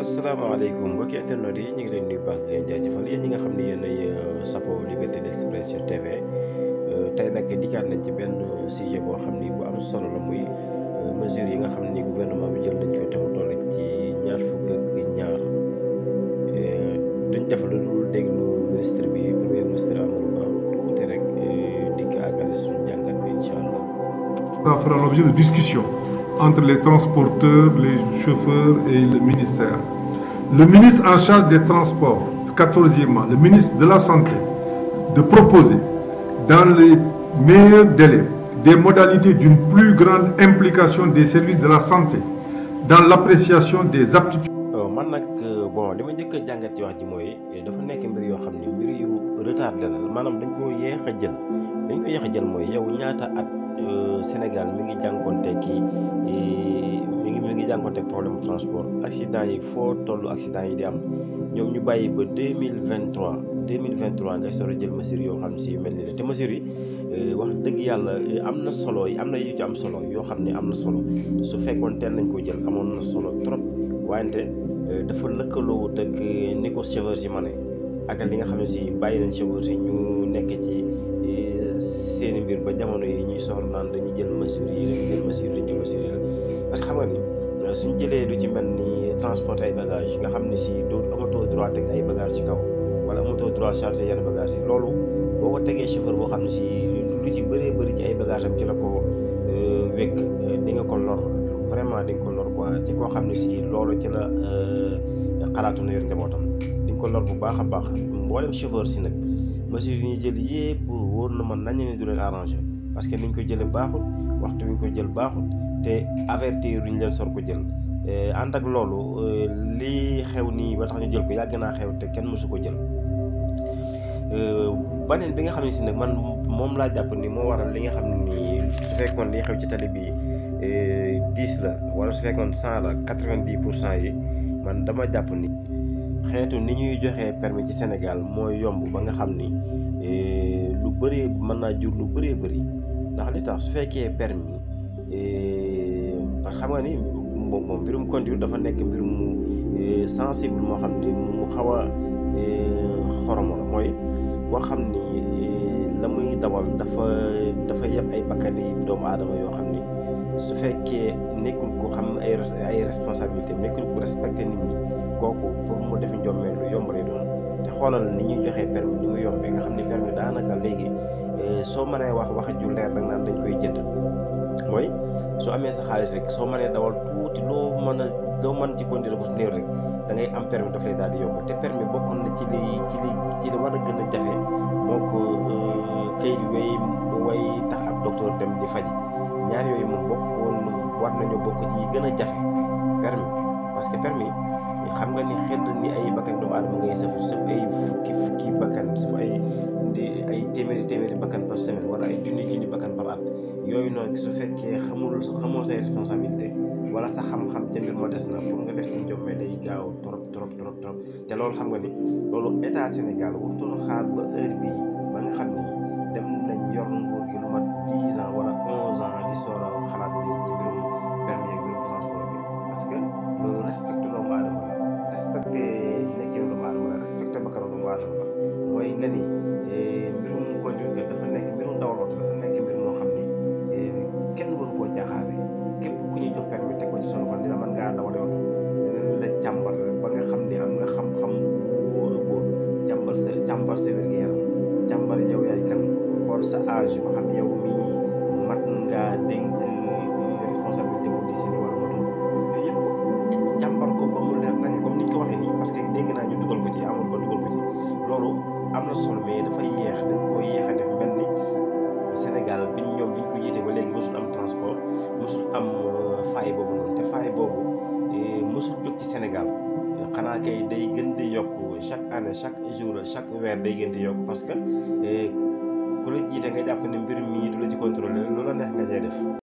asalaamaaleykum mbokki internet yi ñu ngi leen di baax di leen yéen ñi nga xam ni yéen ay euh, sapo liberté d'expression TV euh, tey nag dikkaat nañ ci benn sujet boo xam ni bu am solo la muy euh, mesures yi nga xam ni gouvernement bi jël nañ ko taw toll ci ñaar fukk ak ñaar duñ def lu dul déglu ministre bi premier ministre Amadou Ba tuuti rek dikk àggale suñu jàngat bi incha allah. ça fera l'objet de discussion. entre les transporteurs, les chauffeurs et le ministère. Le ministre en charge des transports, quatorzièmement, le ministre de la Santé, de proposer dans les meilleurs délais des modalités d'une plus grande implication des services de la santé dans l'appréciation des aptitudes. Euh, man nag euh, bon li ma njëkk jàngat ci wax ji mooy euh, dafa nekk mbir yoo xam ne mbir yu retardé la maanaam dañ ko yéex a jël dañ ko yéex a jël mooy yow ñaata ak Sénégal mi ngi jànkonte ki e, mi ngi mi ngi jànkonte problème transport accident yi foo toll accident yi di am ñoom ñu bàyyi ba deux mille vingt trois deux mille vingt trois ngay soro jël mesures yoo xam si yu mel ni la te mesures yi e, wax dëgg yàlla e, am na solo yi am na yu ci am solo yoo xam ne am na solo su fekkoon teel nañ ko jël amoon na solo trop wante dafa lëkkaloowut ak ni ko chauffeurs yi ma ne ak li nga xam ne si bàyyi nañ chauffeurs yi ñu nekk ci seeni mbir ba jamono yi ñuy soxla naan dañuy jël mesures yi dañuy jël mesures dañuy jël mesures yi parce que xam nga ni euh, suñ jëlee lu ci mel ni transport ay bagages nga xam ne si doo amatoo droit teg ay bagages ci wala amatoo droit charger yenn bagages yi loolu boo ko tegee chauffeur boo xam ne si lu ci bëree bëri ci ay bagages am ci la ko euh, wékk euh, di nga ko lor vraiment di ko lor quoi ci koo xam ne si loolu ci la xalaatu na yor njabootam di ko lor bu baax a baax mboolem chauffeur si nag. mesures yi ñu jël yépp woor na man nañu ne du leen arrangé parce que niñ ko jële baaxul waxtu wi ñu ko jël baaxul te avertir duñ leen sor ko jël eh, ànd ak loolu eh, li xew nii ba tax ñu jël ko yàgg naa xew te kenn mësu ko jël eh, baneen bi nga xam ne si nag man moom laa jàpp ni moo waral li nga xam ne nii su fekkoon li xew ci tali bi dix la wala su fekkoon cent la quatre-vingt-dix pour cent yi man dama jàpp ni xeetu ni ñuy joxe permis ci Sénégal mooy yomb ba nga xam ni eh, lu bëree mën naa jur lu bëree bëri ndax li tax su fekkee permis eh, parce xam nga ni moom moom mbirum conduite dafa nekk mbir mu eh, sensible moo xam ni mu xaw a mooy koo xam ni. la muy dawal dafa dafa yeb ay bakkani doomu aadama yoo xam ni su fekkee nekkul ku xam ay ay responsabilité nekkul ku respecté nit ñi kooku pour mu def njommee lu yomb lay doon te ni ñuy joxee permis ni mu yombee nga xam ne permis daanaka léegi eh, soo mënee wax wax ju leer rek naan dañ koy jënd mooy soo amee sa xaalis rek soo mënee dawal tuuti loo man a loo mën ci conduire ko su néew rek da ngay am permis daf lay daal di yomb te permis bokkoon na ci li ci li ci docteur dem di faji ñaar yooyu mu bokkoon war nañoo bokk ci yi gën a jafe permis parce que permis xam nga ni xel ni ay bakkan ba aadama ngay sëf sëf ay fukki fukki bakkan sëf ay di ay téeméeri téeméeri bakkan par semaine wala ay junni junni bakkan par at yooyu noonu su fekkee xamul xamoo say responsabilité wala sa xam-xam ca mbir moo des na pour nga def ci njommee day gaaw trop trop trop trop te loolu xam nga ni loolu état Sénégal wartoon xaar ba heure ba nga xam ni dem nañ yor nguur gi lu mat dix ans wala onze ans di soor a xalaat lii ci mbirum permis ak mbirum transport bi parce que loolu respecté doomu aadama la respecté nekkee doomu aadama eh, dafa nekk mbirum dawal dafa nekk mbir moo xam ni eh, kenn waru koo jaaxaale sa âge ba mat nga dénk responsabilité bu diis yi wala matul yooyu ko ba ni ñu waxee nii parce que dégg naa ñu dugal ko ci amul ko dugal ko ci loolu am na solo dafay yeex koy yeex a def mel Sénégal biñ ñoom biñ ko jiite ba léegi mosul am transport mosul am faay boobu te eh, faay boobu eh, mosul jóg ci Sénégal xanaa kay day gën di yokk chaque année chaque jour chaque weer day gën di yokk parce que eh, ku la jiite nga jàpp ne mbir mii du la ci contrôlé loola neex nga cay def